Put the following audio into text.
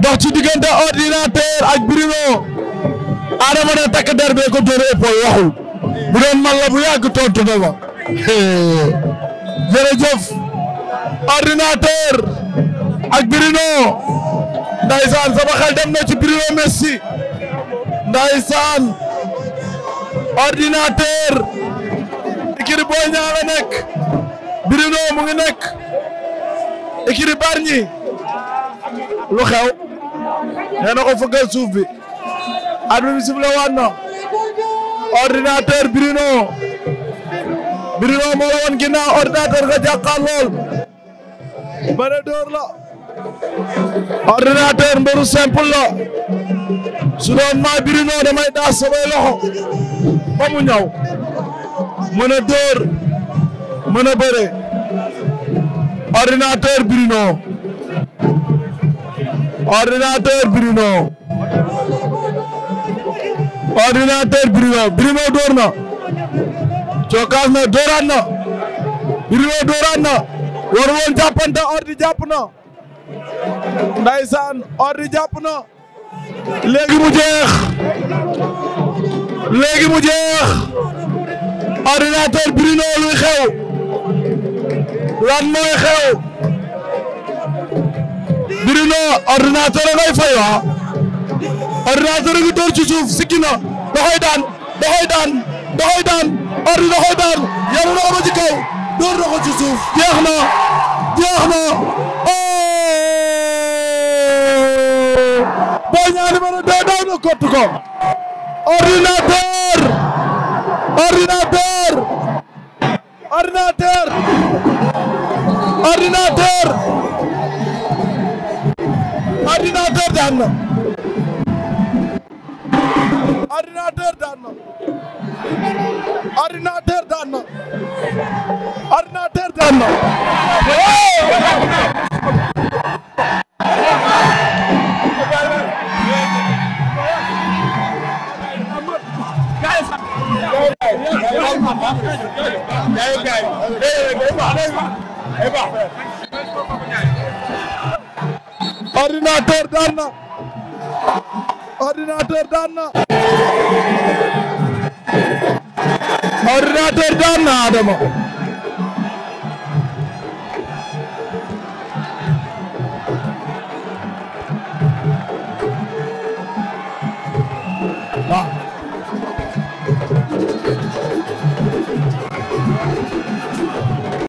dox ci diggante ordinateur ak Bruno Adama ne takk der bee ko dóor bu doon man la bu yàgg tontu na ma jërëjëf ordinateur ak Bruno ndaysaan sama xel dem Messi ndaysaan ordinateur ikiri boo ñaa la nekk mu ngi nekk ikiri barñi lu xew nee na ko fëggal suuf bi arbitre bi sifflé waat na ordinateur Bruno Bruno moo la woon ginnaaw ordinateur nga jàkkaar lool bëre dóor la ordinateur mbëru simple la su doon maa Bruno damay daas samay loxo ba mu ñëw mën a dóor mën a bëre ordinateur ordinateur Bruno ordinateur Bruno Bruno door na cokaas na dooraat na Bruno dooraat na war woon jàppante ordi jàpp na ndaysaan ordi jàpp na léegi mu léegi mu jeex ordinateur Bruno luy xew lan mooy xew ordinateur ngay fay wa ordinateur door ci suuf sikki na da daan da daan da koy na ko ba ci door na ko ci suuf jeex na jeex na oh! Boy Niang numéro 2 daw na kott ko ordinateur daan na ordinateur daan na ordinateur daan ordinateur daan na ordinateur daan na ordinateur daan na Adama